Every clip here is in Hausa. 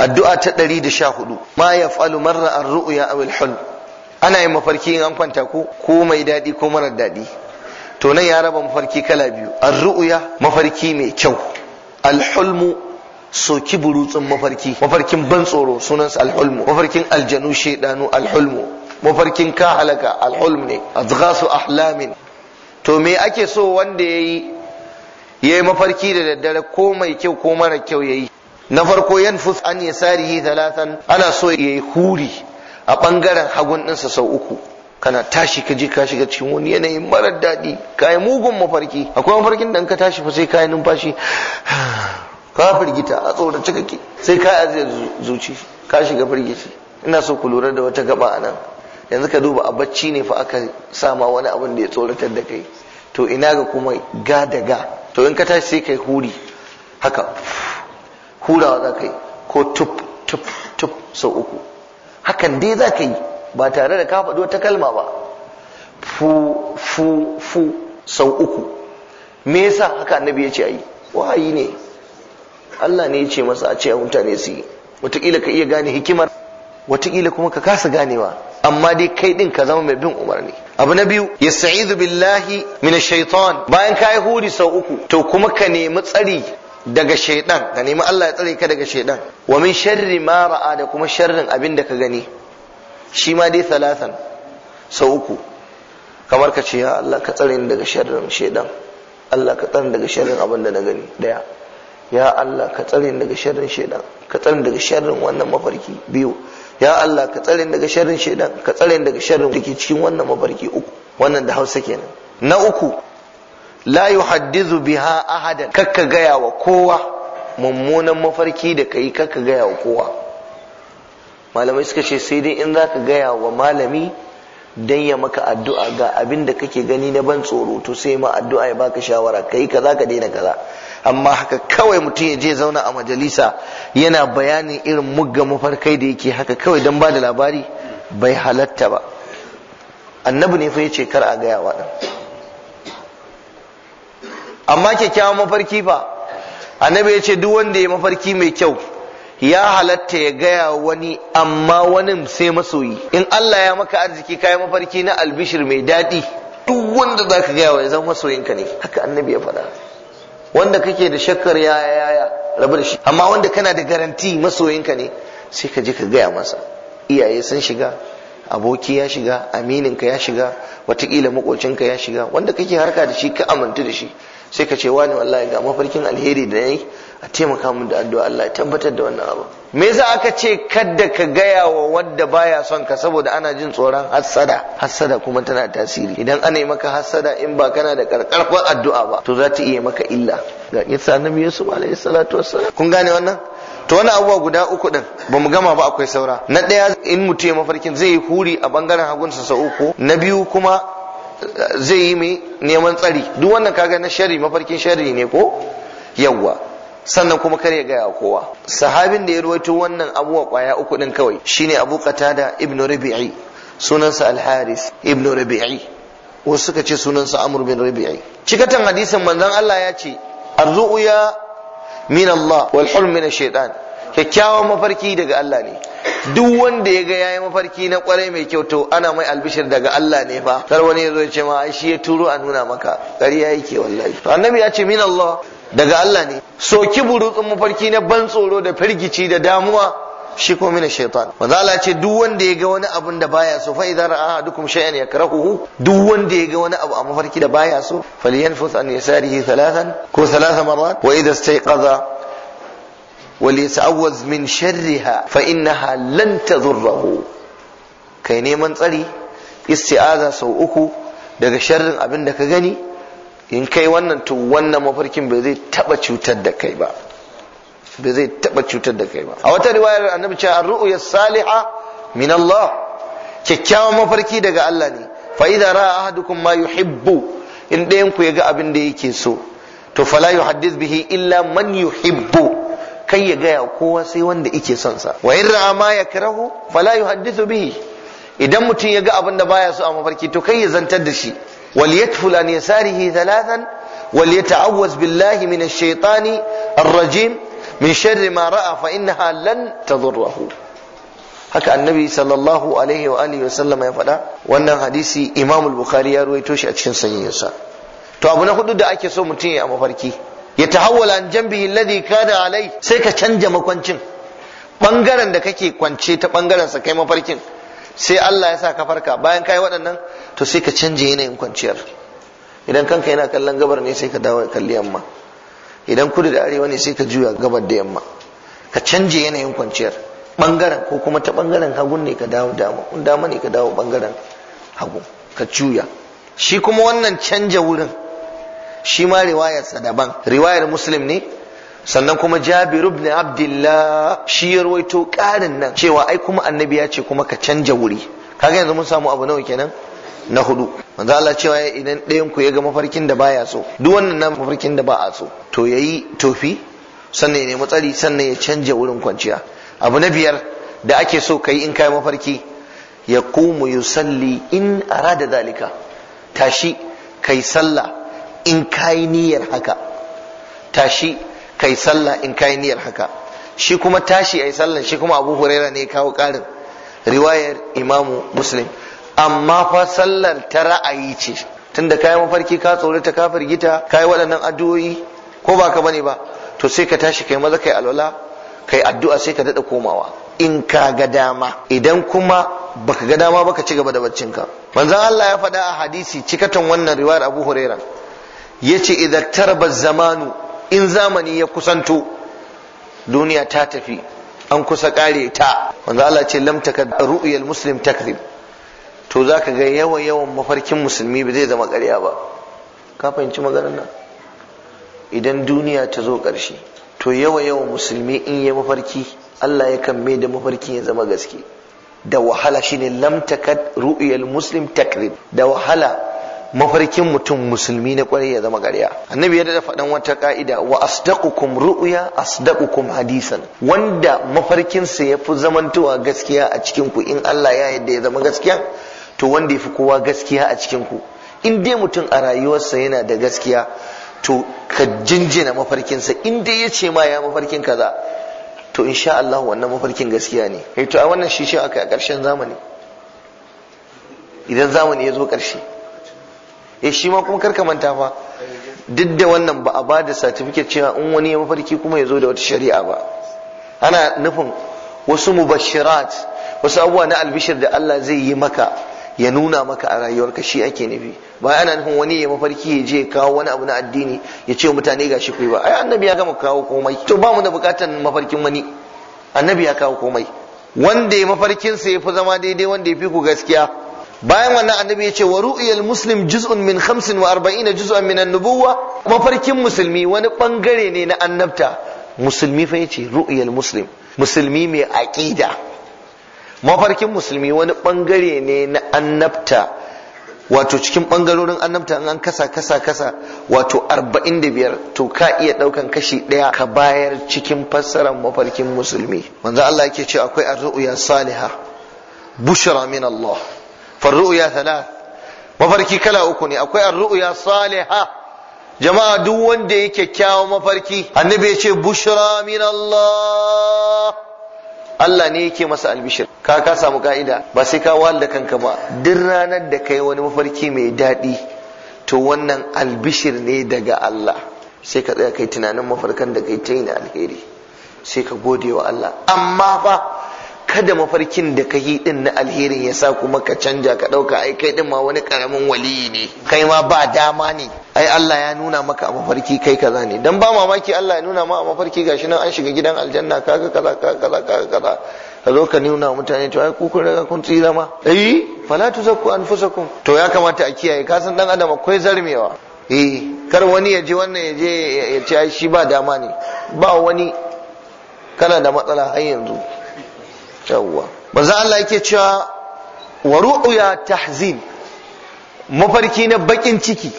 addu'a ta 114 ma yaf'alu marra ar-ru'ya aw al-hulm ana yin mafarki in an kwanta ko ko mai daɗi ko marar daɗi. to nan ya raba mafarki kala biyu ar-ru'ya mafarki mai kyau al-hulmu soki burutsun mafarki mafarkin ban tsoro sunansa al-hulmu mafarkin aljanu shedanu al-hulmu mafarkin ka halaka al-hulm ne azghasu ahlamin to me ake so wanda yayi yayi mafarki da daddare ko mai kyau ko mara kyau yayi na farko yan yanfus an ya yi talatan ana so ya yi huri a bangaren hagun ɗinsa sau uku kana tashi ka ji ka shiga cikin wani yanayin marar daɗi ka yi mugun mafarki akwai mafarkin da ka tashi fa sai ka yi numfashi ka firgita a tsorace kake sai ka yi zuci ka shiga firgici ina so ku lura da wata gaba nan. yanzu ka duba a bacci ne fa aka sama wani abin da ya tsoratar da kai to ina ga kuma ga da to in ka tashi sai ka yi huri haka hurawa za ka yi ko tup tup tup sau uku hakan dai za ka yi ba tare da ka faɗi wata kalma ba fu fu fu sau uku me yasa haka annabi ya ce ayi wahayi ne Allah ne ya ce masa a ce a ne su yi wataƙila ka iya gane hikimar wataƙila kuma ka kasa ganewa amma dai kai din ka zama mai bin umarni abu na biyu Ya yasta'izu billahi min shaitan bayan ka yi huri sau uku to kuma ka nemi tsari daga shaidan ka nemi Allah ya tsare ka daga shaidan wa min sharri ma ra'a da kuma sharrin abin da ka gani shi ma dai salatan sau uku kamar ka ce ya Allah ka tsare ni daga sharrin shaidan Allah ka tsare daga sharrin abin da na gani daya ya Allah ka tsare ni daga sharrin shaidan ka tsare ni daga sharrin wannan mafarki biyu ya Allah ka tsare ni daga sharrin shaidan ka tsare ni daga sharrin dake cikin wannan mafarki uku wannan da Hausa kenan na uku la yuhaddizu biha ahadan kakka gaya wa kowa mummunan mafarki da kai kakka gaya wa kowa malamai suka ce sai dai in za ka gaya wa malami dan ya maka addu'a ga abin da kake gani na ban tsoro to sai ma addu'a ya baka shawara kai kaza ka daina kaza amma haka kawai mutum ya je zauna a majalisa yana bayanin irin mugga mafarkai da yake haka kawai dan ba da labari bai halatta ba annabi ne fa yace kar a gaya wa dan amma kyakkyawan mafarki fa annabi ya ce duk wanda ya mafarki mai kyau ya halatta ya gaya wani amma wani sai masoyi in Allah ya maka arziki kayan mafarki na albishir mai daɗi duk wanda za ka gaya wani zan masoyinka ne haka annabi ya faɗa wanda kake da shakkar yaya yaya rabu da shi amma wanda kana da garanti masoyinka ne sai ka je ka gaya masa iyaye sun shiga aboki ya shiga amininka ya shiga watakila makocinka ya shiga wanda kake harka da shi ka amintu da shi sai ka ce wani wallahi ga mafarkin alheri da yayi a taimaka mun da addu'a Allah ya tabbatar da wannan abu me yasa aka ce kadda ka gaya wa wanda baya son ka saboda ana jin tsoron hassada hassada kuma tana tasiri idan ana yi maka hassada in ba kana da karkarfan addu'a ba to za ta iya maka illa ga isa annabi Yusuf alaihi salatu wassalam kun gane wannan to wani abubuwa guda uku din ba mu gama ba akwai saura na ɗaya in mutum ya mafarkin zai yi huri a bangaren hagunsa sa uku na biyu kuma zai yi mai neman tsari duk wannan kaga na shari mafarkin shari ne ko yawwa sannan kuma kar ya gaya kowa sahabin da ya ruwaito wannan abuwa kwaya uku din kawai shine abu qatada ibnu rabi'i sunansa al-haris ibnu rabi'i wasu suka ce sunansa amr bin rabi'i cikatan hadisin manzon Allah ya ce arzu'u ya min Allah wal hulm min shaytan kyakkyawan mafarki daga Allah ne duk wanda ya ga yayi mafarki na kwarai mai kyau to ana mai albishir daga Allah ne fa kar wani ya zo ya ce ma ai shi ya turo a nuna maka ƙarya yake wallahi to annabi ya ce min Allah daga Allah ne soki burutsun mafarki na ban tsoro da firgici da damuwa shi ko mina shaitan manzo Allah ce duk wanda ya ga wani abun da baya so fa idan ra'a dukum shay'an yakrahuhu duk wanda ya ga wani abu a mafarki da baya so falyanfus an yasarihi thalathan ko thalatha marrat wa idha istayqaza وليتعوذ من شرها فإنها لن تضره kai neman tsari isti'aza sau uku daga sharrin abin da ka gani in kai wannan to wannan mafarkin ba zai taba cutar da kai ba ba zai taba cutar da kai ba a wata riwayar annabi cewa ar-ru'ya saliha min Allah kyakkyawan mafarki daga Allah ne fa idza ra'a ahadukum ma yuhibbu in ɗayan ku ya ga abin da yake so to fala yuhaddith bihi illa man yuhibbu kai ya gaya kowa sai wanda yake son sa wa in ra'a ma yakrahu fala yuhaddithu bihi idan mutum ya ga abin da baya so a mafarki to kai ya zantar da shi wal yatful an yasarihi thalathan wal yata'awwaz billahi min ash-shaytani ar-rajim min sharri ma ra'a fa innaha lan tadurruhu haka annabi sallallahu alaihi wa alihi sallama ya faɗa wannan hadisi imamul bukhari ya ruwaito shi a cikin sanyinsa to abu na hudu da ake so mutum ya mafarki ya tahawwala an jambihi alladhi kada alai sai ka canja makwancin bangaren da kake kwance ta bangaren sa kai mafarkin sai Allah ya sa ka farka bayan kai waɗannan to sai ka canje yanayin kwanciyar idan kanka yana kallon gabar ne sai ka dawo kalli yamma idan kudu da arewa ne sai ka juya gabar da yamma ka canje yanayin kwanciyar bangaren ko kuma ta bangaren hagun ne ka dawo dama dama ne ka dawo bangaren hagu ka juya shi kuma wannan canja wurin shi ma riwayarsa daban riwayar muslim ne sannan kuma jabir ibn abdullah shi ya rawaito karin nan cewa ai kuma annabi ya ce kuma ka canja wuri kaga yanzu mun samu abu nawa kenan na hudu manzo Allah cewa idan ɗayan ku ya ga mafarkin da baya so duk wannan na mafarkin da ba a so to yayi tofi sannan ya nemi tsari sannan ya canja wurin kwanciya abu na biyar da ake so kai in kai mafarki ya kumu yusalli in arada zalika. tashi kai sallah in kayi niyyar haka tashi kai sallah in kayi niyyar haka shi kuma tashi ai sallah shi kuma abu huraira ne kawo karin riwayar imamu muslim amma fa sallar ta ra'ayi ce tunda kayi mafarki ka ta ka gita kayi waɗannan addu'o'i ko ba ka bane ba to sai ka tashi kai maza kai alwala kai addu'a sai ka daɗa komawa in ka ga dama idan kuma baka ga dama baka ci gaba da baccinka manzon Allah ya faɗa a hadisi cikatan wannan riwayar Abu Hurairah Ya ce idan tarba zamanu in zamani ya kusanto duniya ta tafi an kusa kare ta wanda Allah ce lam ru'yal muslim takrib to zaka ga yawan yawan mafarkin musulmi ba zai zama ƙarya ba ka fahimci maganar nan idan duniya ta zo ƙarshe to yawa yawan musulmi in ya mafarki Allah ya kan mai da mafarkin ya zama gaske da wahala shine lam takad ru'yal muslim takrib da wahala mafarkin mutum musulmi na kwarai ya zama gariya. annabi ya da faɗan wata ka'ida wa asdaqukum ru'ya asdaqukum hadisan wanda mafarkinsa ya fi zamantowa gaskiya a cikinku in Allah ya yadda ya zama gaskiya to wanda ya fi kowa gaskiya a cikin ku in dai mutum a rayuwarsa yana da gaskiya to ka jinjina mafarkinsa in dai ya ce ma ya mafarkin kaza to insha Allah wannan mafarkin gaskiya ne eh to a wannan shi shi aka a ƙarshen zamani idan zamani ya zo karshe eh shi ma kuma karka manta fa duk da wannan ba a bada certificate cewa in wani ya mafarki kuma ya zo da wata shari'a ba ana nufin wasu mubashirat wasu abubuwa na albishir da Allah zai yi maka ya nuna maka a rayuwarka shi ake nufi ba ana nufin wani ya mafarki ya je kawo wani abu na addini ya ce mutane ga shi ba ai annabi ya gama kawo komai to ba mu da bukatan mafarkin wani annabi ya kawo komai wanda ya mafarkinsa ya fi zama daidai wanda ya fi ku gaskiya bayan wannan annabi ya ce wa ru'iyal muslim juz'un min 45 juz'an min an-nubuwa mafarkin musulmi wani bangare ne na annabta musulmi fa yace ru'iyal muslim musulmi mai aqida mafarkin musulmi wani bangare ne na annabta wato cikin bangarorin annabta an kasa kasa kasa wato 45 to ka iya daukan kashi daya ka bayar cikin fassarar mafarkin musulmi manzo Allah yake ce akwai ar-ru'ya salihah bushra min Allah farru'ya thalath mafarki kala uku ne akwai ar saliha jama'a duk wanda ya kyakkyawa mafarki annabi ya ce bushra min Allah Allah ne yake masa albishir ka ka samu ka'ida ba sai ka wahal da kanka ba duk ranar da kai wani mafarki mai daɗi to wannan albishir ne daga Allah sai ka tsaya kai tunanin mafarkan da kai ta yi na alheri sai ka gode wa Allah amma fa kada mafarkin da ka yi din na alherin ya sa kuma ka canja ka ɗauka ai kai din ma wani ƙaramin waliyi ne kai ma ba dama ne ai Allah ya nuna maka a mafarki kai kaza ne dan ba mamaki Allah ya nuna ma a mafarki gashi nan an shiga gidan aljanna kaga kaza kaza kaza kaza ka zo ka nuna mutane to ai ku kun riga kun tsira ma eh fala tuzakku anfusakum to ya kamata a kiyaye ka san dan adam akwai zarmewa eh kar wani ya je wannan ya je ya ce ai shi ba dama ne ba wani kana da matsala har yanzu yawwa za Allah yake cewa wa ru'ya tahzin mafarki na bakin ciki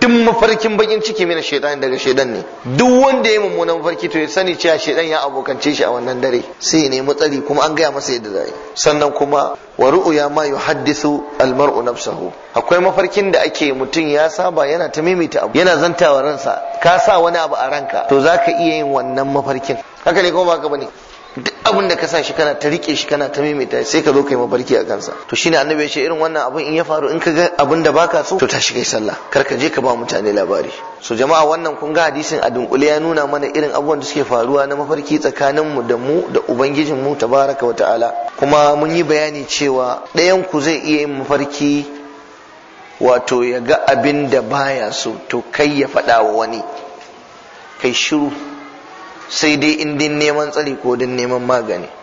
tun mafarkin bakin ciki mina shaitan daga shaidan ne duk wanda ya mummunan mafarki to ya sani cewa shaidan ya abokance shi a wannan dare sai ya nemi tsari kuma an gaya masa yadda zai sannan kuma wa ya ma yuhaddisu almar'u nafsahu akwai mafarkin da ake mutum ya saba yana ta maimaita abu yana zantawa ransa ka sa wani abu a ranka to zaka iya yin wannan mafarkin haka ne kuma baka bane duk abin da ka sa shi kana ta rike shi kana ta maimaita sai ka zo ka kai mafarki a kansa to shine annabi ya ce irin wannan abin in ya faru in ka ga abin da baka so to ta shiga sallah kar ka je ka ba mutane labari so jama'a wannan kun ga hadisin a dunkule ya nuna mana irin abubuwan da suke faruwa na mafarki tsakanin mu da mu da ubangijin mu tabaraka wata'ala kuma mun yi bayani cewa ɗayan ku zai iya yin mafarki wato ya ga abin da baya so to kai ya faɗa wa wani kai shiru sai dai in din neman tsari ko din neman magani